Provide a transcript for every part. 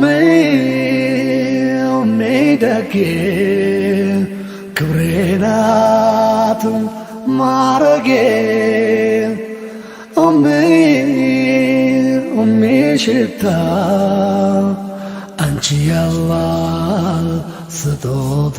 ሜሜደጌ ክብሬናት ማረጌ ሽታ አንቺ ያላል ስጦታ።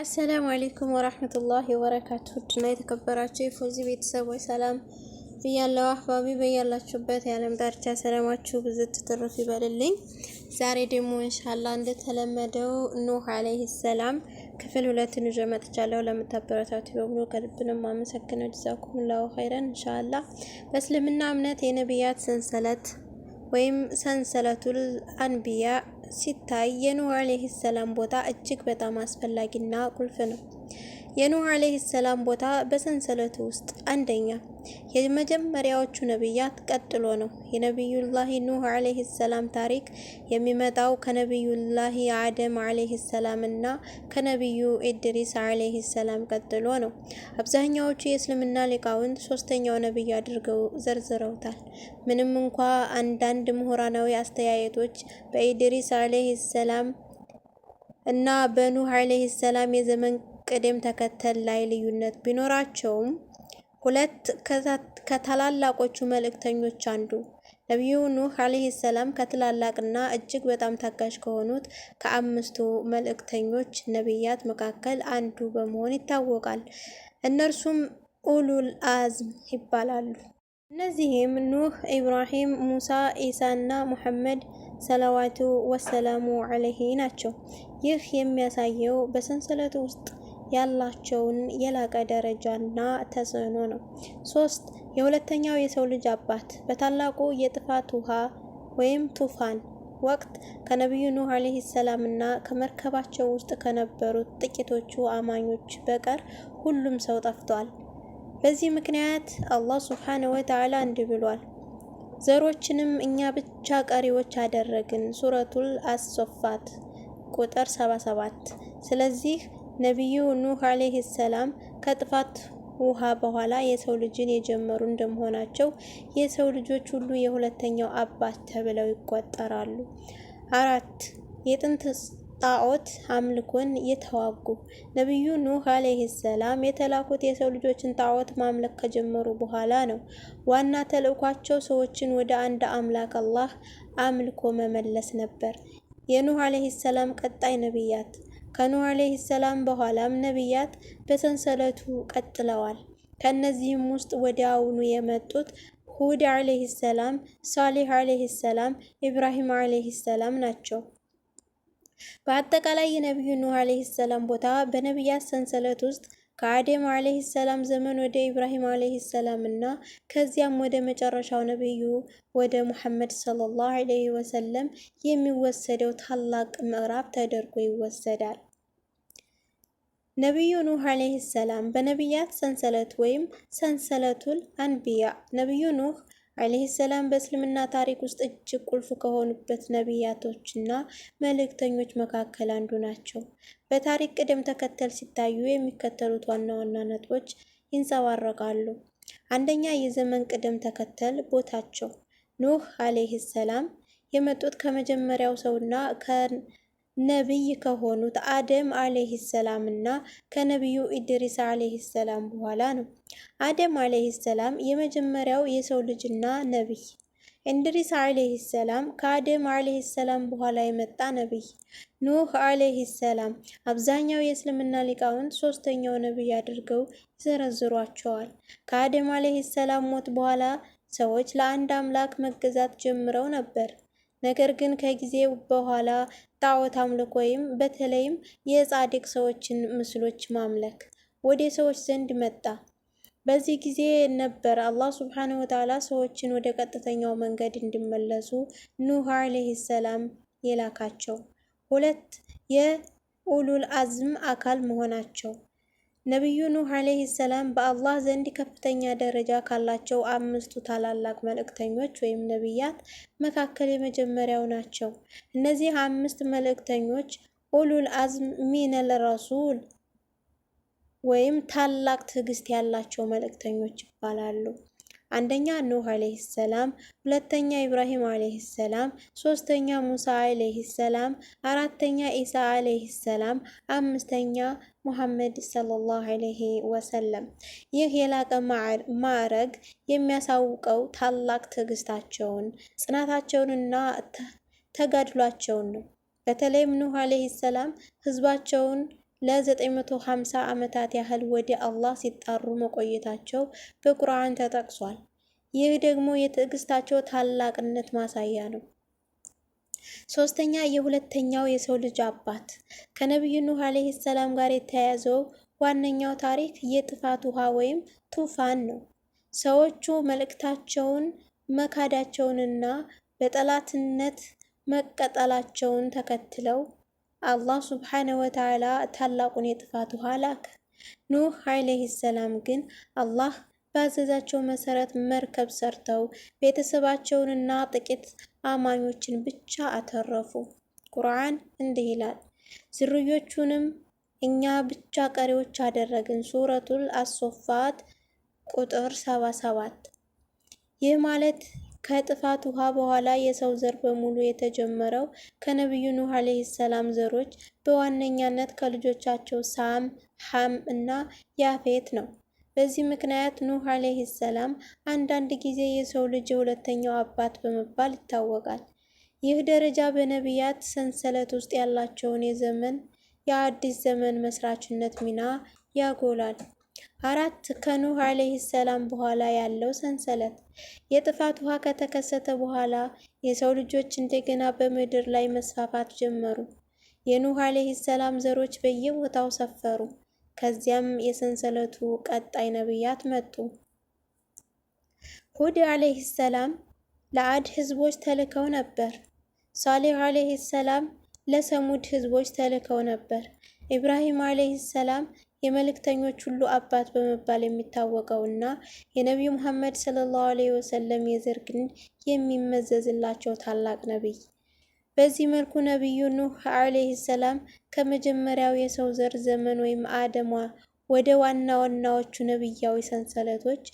አሰላሙ አሌይኩም ወራህመቱላሂ ወበረካቱሁ። ውድና የተከበራችሁ የፎዚ ቤተሰቦች ሰላም ብያለው። አህባቢ በያላችሁበት የዓለም ዳርቻ ሰላማችሁ ብዝት ትርፍ ይበልልኝ። ዛሬ ደግሞ እንሻላ እንደተለመደው ኑህ አለይሂ ሰላም ክፍል ሁለትን ይዤ መጥቻለሁ። ለምታበረታቱ በሙሉ ከልብንም ማመሰግነው አመሰግነው። ጀዛኩሙላሁ ኸይረን። እንሻላ በእስልምና እምነት የነቢያት ሰንሰለት ወይም ሰንሰለቱል አንቢያ ሲታይ የኑህ አለይሂ ሰላም ቦታ እጅግ በጣም አስፈላጊና ቁልፍ ነው። የኑህ አለይሂ ሰላም ቦታ በሰንሰለት ውስጥ አንደኛ የመጀመሪያዎቹ ነቢያት ቀጥሎ ነው። የነቢዩላሂ ኑህ አለይሂ ሰላም ታሪክ የሚመጣው ከነቢዩላሂ አደም አለይሂ ሰላም እና ከነቢዩ ኢድሪስ አለይሂ ሰላም ቀጥሎ ነው። አብዛኛዎቹ የእስልምና ሊቃውንት ሶስተኛው ነቢይ አድርገው ዘርዝረውታል። ምንም እንኳ አንዳንድ ምሁራናዊ አስተያየቶች በኢድሪስ አለይሂ ሰላም እና በኑህ አለይሂ ሰላም የዘመን ቅደም ተከተል ላይ ልዩነት ቢኖራቸውም ሁለት ከታላላቆቹ መልእክተኞች አንዱ ነቢዩ ኑህ ዓለይሂ ሰላም ከትላላቅና እጅግ በጣም ታጋሽ ከሆኑት ከአምስቱ መልእክተኞች ነቢያት መካከል አንዱ በመሆን ይታወቃል። እነርሱም ኡሉል አዝም ይባላሉ። እነዚህም ኑህ፣ ኢብራሂም፣ ሙሳ፣ ኢሳ እና ሙሐመድ ሰላዋቱ ወሰላሙ ዓለይሂ ናቸው። ይህ የሚያሳየው በሰንሰለቱ ውስጥ ያላቸውን የላቀ ደረጃና ተጽዕኖ ነው። ሶስት የሁለተኛው የሰው ልጅ አባት በታላቁ የጥፋት ውሃ ወይም ቱፋን ወቅት ከነቢዩ ኑህ ዓለይሂ ሰላም እና ከመርከባቸው ውስጥ ከነበሩት ጥቂቶቹ አማኞች በቀር ሁሉም ሰው ጠፍቷል። በዚህ ምክንያት አላህ ሱብሓነሁ ወተዓላ እንዲህ ብሏል፣ ዘሮችንም እኛ ብቻ ቀሪዎች አደረግን። ሱረቱል አሶፋት ቁጥር 77 ስለዚህ ነቢዩ ኑህ ዓለይሂ ሰላም ከጥፋት ውሃ በኋላ የሰው ልጅን የጀመሩ እንደመሆናቸው የሰው ልጆች ሁሉ የሁለተኛው አባት ተብለው ይቆጠራሉ። አራት የጥንት ጣዖት አምልኮን የተዋጉ ነቢዩ ኑህ ዓለይሂ ሰላም የተላኩት የሰው ልጆችን ጣዖት ማምለክ ከጀመሩ በኋላ ነው። ዋና ተልእኳቸው ሰዎችን ወደ አንድ አምላክ አላህ አምልኮ መመለስ ነበር። የኑህ ዓለይሂ ሰላም ቀጣይ ነቢያት ከኑህ ዓለይሂ ሰላም በኋላም ነቢያት በሰንሰለቱ ቀጥለዋል። ከእነዚህም ውስጥ ወዲያውኑ የመጡት ሁድ ዓለይሂ ሰላም፣ ሳሊህ ዓለይሂ ሰላም፣ ኢብራሂም ዓለይሂ ሰላም ናቸው። በአጠቃላይ የነቢዩ ኑህ ዓለይሂ ሰላም ቦታ በነቢያት ሰንሰለት ውስጥ ከአደም አለህ ሰላም ዘመን ወደ ኢብራሂም አለህ ሰላም እና ከዚያም ወደ መጨረሻው ነብዩ ወደ ሙሐመድ ሰለላሁ ዐለይሂ ወሰለም የሚወሰደው ታላቅ ምዕራፍ ተደርጎ ይወሰዳል። ነቢዩ ኑህ አለህ ሰላም በነቢያት ሰንሰለት ወይም ሰንሰለቱል አንቢያ ነቢዩ ኑህ አለይሂ ሰላም በእስልምና ታሪክ ውስጥ እጅግ ቁልፍ ከሆኑበት ነቢያቶችና መልእክተኞች መካከል አንዱ ናቸው። በታሪክ ቅደም ተከተል ሲታዩ የሚከተሉት ዋና ዋና ነጥቦች ይንጸባረቃሉ። አንደኛ፣ የዘመን ቅደም ተከተል ቦታቸው። ኑህ አለይሂ ሰላም የመጡት ከመጀመሪያው ሰውና ነቢይ ከሆኑት አደም አለይህ ሰላም እና ከነቢዩ ኢድሪስ አለይህ ሰላም በኋላ ነው። አደም አለይህ ሰላም የመጀመሪያው የሰው ልጅና ነቢይ፣ ኢድሪስ አለይህ ሰላም ከአደም አለይህ ሰላም በኋላ የመጣ ነቢይ፣ ኑህ አለይህ ሰላም አብዛኛው የእስልምና ሊቃውንት ሶስተኛው ነቢይ አድርገው ይዘረዝሯቸዋል። ከአደም አለይህ ሰላም ሞት በኋላ ሰዎች ለአንድ አምላክ መገዛት ጀምረው ነበር። ነገር ግን ከጊዜ በኋላ ጣዖት አምልኮ ወይም በተለይም የጻድቅ ሰዎችን ምስሎች ማምለክ ወደ ሰዎች ዘንድ መጣ። በዚህ ጊዜ ነበር አላህ ሱብሓነሁ ወተዓላ ሰዎችን ወደ ቀጥተኛው መንገድ እንዲመለሱ ኑህ አለይሂ ሰላም የላካቸው። ሁለት የኡሉል አዝም አካል መሆናቸው ነቢዩ ኑህ ዓለይሂ ሰላም በአላህ ዘንድ ከፍተኛ ደረጃ ካላቸው አምስቱ ታላላቅ መልእክተኞች ወይም ነቢያት መካከል የመጀመሪያው ናቸው። እነዚህ አምስት መልእክተኞች ኡሉል አዝም ሚነል ረሱል ወይም ታላቅ ትዕግስት ያላቸው መልእክተኞች ይባላሉ። አንደኛ ኑህ አለይሂ ሰላም፣ ሁለተኛ ኢብራሂም አለይሂ ሰላም፣ ሶስተኛ ሙሳ አለይሂ ሰላም፣ አራተኛ ኢሳ አለይሂ ሰላም፣ አምስተኛ ሙሐመድ ሰለላሁ አለይሂ ወሰለም። ይህ የላቀ ማዕረግ የሚያሳውቀው ታላቅ ትዕግስታቸውን፣ ጽናታቸውንና ተጋድሏቸውን ነው። በተለይም ኑህ አለይሂ ሰላም ህዝባቸውን ለ950 ዓመታት ያህል ወደ አላህ ሲጣሩ መቆየታቸው በቁርአን ተጠቅሷል። ይህ ደግሞ የትዕግስታቸው ታላቅነት ማሳያ ነው። ሶስተኛ የሁለተኛው የሰው ልጅ አባት ከነቢዩ ኑህ ዓለይሂ ሰላም ጋር የተያያዘው ዋነኛው ታሪክ የጥፋት ውሃ ወይም ቱፋን ነው። ሰዎቹ መልእክታቸውን መካዳቸውንና በጠላትነት መቀጠላቸውን ተከትለው አላህ ሱብሓነሁ ወተዓላ ታላቁን የጥፋት ውሃ ላከ። ኑህ ዐለይሂ ሰላም ግን አላህ ባዘዛቸው መሰረት መርከብ ሰርተው ቤተሰባቸውንና ጥቂት አማኞችን ብቻ አተረፉ። ቁርአን እንዲህ ይላል፣ ዝርዮቹንም እኛ ብቻ ቀሪዎች አደረግን። ሱረቱል አሶፋት ቁጥር 77 ይህ ማለት ከጥፋት ውሃ በኋላ የሰው ዘር በሙሉ የተጀመረው ከነቢዩ ኑህ ዓለይሂ ሰላም ዘሮች በዋነኛነት ከልጆቻቸው ሳም፣ ሐም እና ያፌት ነው። በዚህ ምክንያት ኑህ ዓለይሂ ሰላም አንዳንድ ጊዜ የሰው ልጅ የሁለተኛው አባት በመባል ይታወቃል። ይህ ደረጃ በነቢያት ሰንሰለት ውስጥ ያላቸውን የዘመን የአዲስ ዘመን መስራችነት ሚና ያጎላል። አራት ከኑህ ዓለይሂ ሰላም በኋላ ያለው ሰንሰለት የጥፋት ውሃ ከተከሰተ በኋላ የሰው ልጆች እንደገና በምድር ላይ መስፋፋት ጀመሩ። የኑህ ዓለይሂ ሰላም ዘሮች በየቦታው ሰፈሩ። ከዚያም የሰንሰለቱ ቀጣይ ነቢያት መጡ። ሁድ ዓለይሂ ሰላም ለአድ ህዝቦች ተልከው ነበር። ሳሌህ ዓለይሂ ሰላም ለሰሙድ ህዝቦች ተልከው ነበር። ኢብራሂም ዓለይሂ ሰላም የመልእክተኞች ሁሉ አባት በመባል የሚታወቀው እና የነቢዩ ሙሐመድ ሰለላሁ ዐለይሂ ወሰለም የዘር ግንድ የሚመዘዝላቸው ታላቅ ነቢይ። በዚህ መልኩ ነቢዩ ኑህ ዐለይሂ ሰላም ከመጀመሪያው የሰው ዘር ዘመን ወይም አደማ ወደ ዋና ዋናዎቹ ነቢያዊ ሰንሰለቶች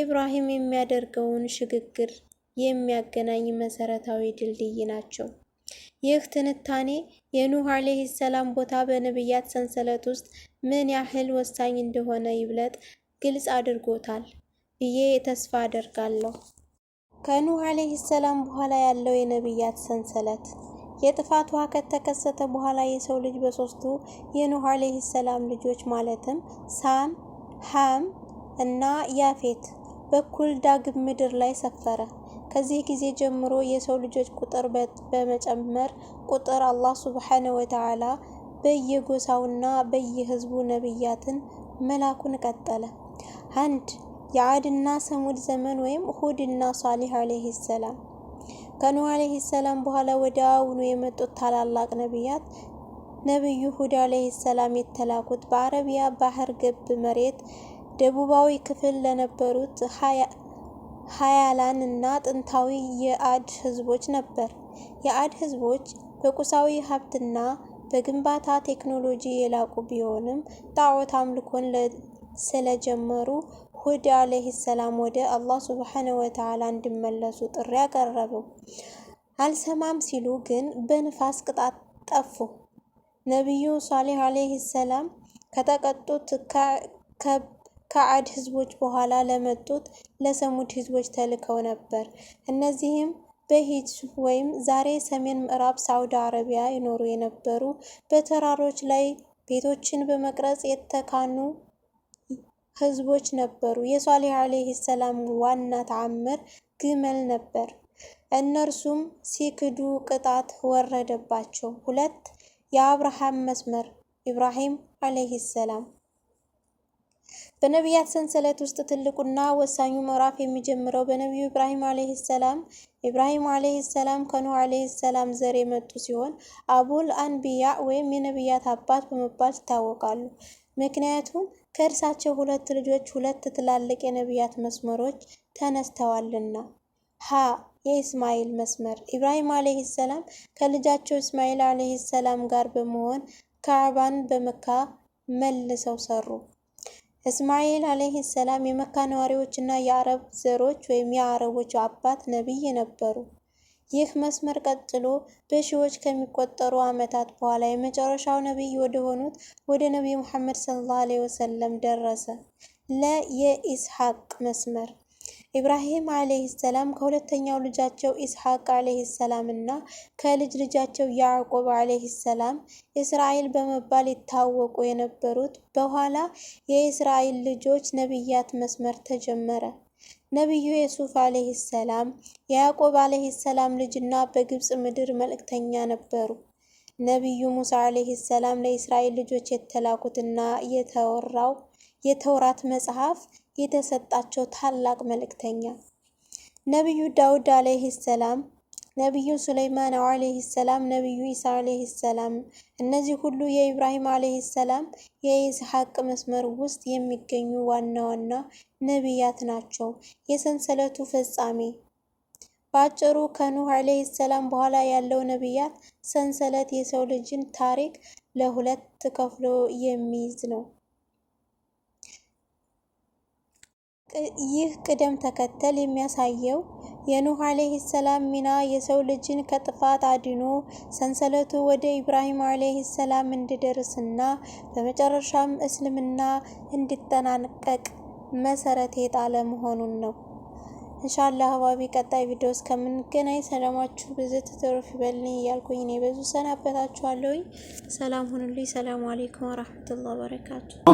ኢብራሂም የሚያደርገውን ሽግግር የሚያገናኝ መሰረታዊ ድልድይ ናቸው። ይህ ትንታኔ የኑህ ዓለይሂ ሰላም ቦታ በነቢያት ሰንሰለት ውስጥ ምን ያህል ወሳኝ እንደሆነ ይብለጥ ግልጽ አድርጎታል ብዬ ተስፋ አደርጋለሁ። ከኑህ ዓለይሂ ሰላም በኋላ ያለው የነቢያት ሰንሰለት የጥፋት ውሃ ከተከሰተ በኋላ የሰው ልጅ በሶስቱ የኑህ ዓለይሂ ሰላም ልጆች ማለትም ሳም፣ ሃም እና ያፌት በኩል ዳግም ምድር ላይ ሰፈረ። ከዚህ ጊዜ ጀምሮ የሰው ልጆች ቁጥር በመጨመር ቁጥር አላህ ሱብሓነሁ ወተዓላ በየጎሳውና በየህዝቡ ነቢያትን መላኩን ቀጠለ። አንድ የአድና ሰሙድ ዘመን ወይም ሁድና ሷሊህ አለይሂ ሰላም። ከኑህ አለይሂ ሰላም በኋላ ወደ አውኑ የመጡት ታላላቅ ነቢያት ነቢዩ ሁድ አለይሂ ሰላም የተላኩት በአረቢያ ባህር ገብ መሬት ደቡባዊ ክፍል ለነበሩት ሀያላን እና ጥንታዊ የአድ ህዝቦች ነበር። የአድ ህዝቦች በቁሳዊ ሀብትና በግንባታ ቴክኖሎጂ የላቁ ቢሆንም ጣዖት አምልኮን ስለጀመሩ ሁድ አለይሂ ሰላም ወደ አላህ ሱብሓነሁ ወተዓላ እንዲመለሱ ጥሪ አቀረቡ። አልሰማም ሲሉ ግን በንፋስ ቅጣት ጠፉ። ነቢዩ ሷሊህ አለይሂ ሰላም ከተቀጡት ከአድ ህዝቦች በኋላ ለመጡት ለሰሙድ ህዝቦች ተልከው ነበር። እነዚህም በሂጅ ወይም ዛሬ ሰሜን ምዕራብ ሳውዲ አረቢያ ይኖሩ የነበሩ በተራሮች ላይ ቤቶችን በመቅረጽ የተካኑ ህዝቦች ነበሩ። የሷሊህ ዓለይሂ ሰላም ዋና ተአምር ግመል ነበር። እነርሱም ሲክዱ ቅጣት ወረደባቸው። ሁለት የአብርሃም መስመር ኢብራሂም ዓለይሂ ሰላም በነቢያት ሰንሰለት ውስጥ ትልቁና ወሳኙ ምዕራፍ የሚጀምረው በነቢዩ ኢብራሂም ዓለይሂ ሰላም ኢብራሂም ዓለይሂ ሰላም ከኑህ ዓለይሂ ሰላም ዘር የመጡ ሲሆን አቡል አንቢያ ወይም የነቢያት አባት በመባል ይታወቃሉ። ምክንያቱም ከእርሳቸው ሁለት ልጆች ሁለት ትላልቅ የነቢያት መስመሮች ተነስተዋልና። ሀ የኢስማኤል መስመር ኢብራሂም ዓለይሂ ሰላም ከልጃቸው እስማኤል ዓለይሂ ሰላም ጋር በመሆን ካዕባን በመካ መልሰው ሰሩ። እስማኤል ዓለይሂ ሰላም የመካ ነዋሪዎችና የአረብ ዘሮች ወይም የአረቦች አባት ነቢይ ነበሩ። ይህ መስመር ቀጥሎ በሺዎች ከሚቆጠሩ ዓመታት በኋላ የመጨረሻው ነቢይ ወደ ሆኑት ወደ ነቢይ ሙሐመድ ሰለላሁ ዓለይሂ ወሰለም ደረሰ። ለ የኢስሐቅ መስመር ኢብራሂም ዓለይሂ ሰላም ከሁለተኛው ልጃቸው ኢስሐቅ ዓለይሂ ሰላም እና ከልጅ ልጃቸው ያዕቆብ ዓለይሂ ሰላም እስራኤል በመባል ይታወቁ የነበሩት በኋላ የእስራኤል ልጆች ነቢያት መስመር ተጀመረ። ነቢዩ የሱፍ ዓለይሂ ሰላም የያዕቆብ ዓለይሂ ሰላም ልጅና በግብፅ ምድር መልእክተኛ ነበሩ። ነቢዩ ሙሳ ዓለይሂ ሰላም ለእስራኤል ልጆች የተላኩትና የተወራው የተውራት መጽሐፍ የተሰጣቸው ታላቅ መልእክተኛ ነቢዩ ዳውድ አለይህ ሰላም፣ ነቢዩ ሱለይማን አለይህ ሰላም፣ ነቢዩ ኢሳ አለይህ ሰላም። እነዚህ ሁሉ የኢብራሂም አለይህ ሰላም የኢስሐቅ መስመር ውስጥ የሚገኙ ዋና ዋና ነቢያት ናቸው። የሰንሰለቱ ፍጻሜ በአጭሩ ከኑህ አለይህ ሰላም በኋላ ያለው ነቢያት ሰንሰለት የሰው ልጅን ታሪክ ለሁለት ከፍሎ የሚይዝ ነው። ይህ ቅደም ተከተል የሚያሳየው የኑህ ዓለይሂ ሰላም ሚና የሰው ልጅን ከጥፋት አድኖ ሰንሰለቱ ወደ ኢብራሂም ዓለይሂ ሰላም እንዲደርስና በመጨረሻም እስልምና እንዲጠናቀቅ መሰረት የጣለ መሆኑን ነው። እንሻላ አህባቢ ቀጣይ ቪዲዮ እስከምንገናኝ ሰላማችሁ ብዝት ትርፍ ይበልኝ እያልኩኝ እኔ በዙ ሰናበታችኋለሁኝ። ሰላም ሁኑልኝ። ሰላሙ አሌይኩም ወረሕመቱላሂ ወበረካቱ።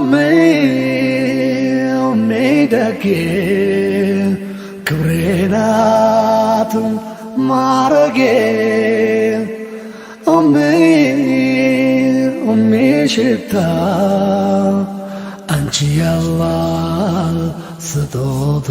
ቆሜ ደጌ ክብሬ ናት ማረጌ ኦሜ ኦሜ ሽታ አንቺ ያላ ስጦታ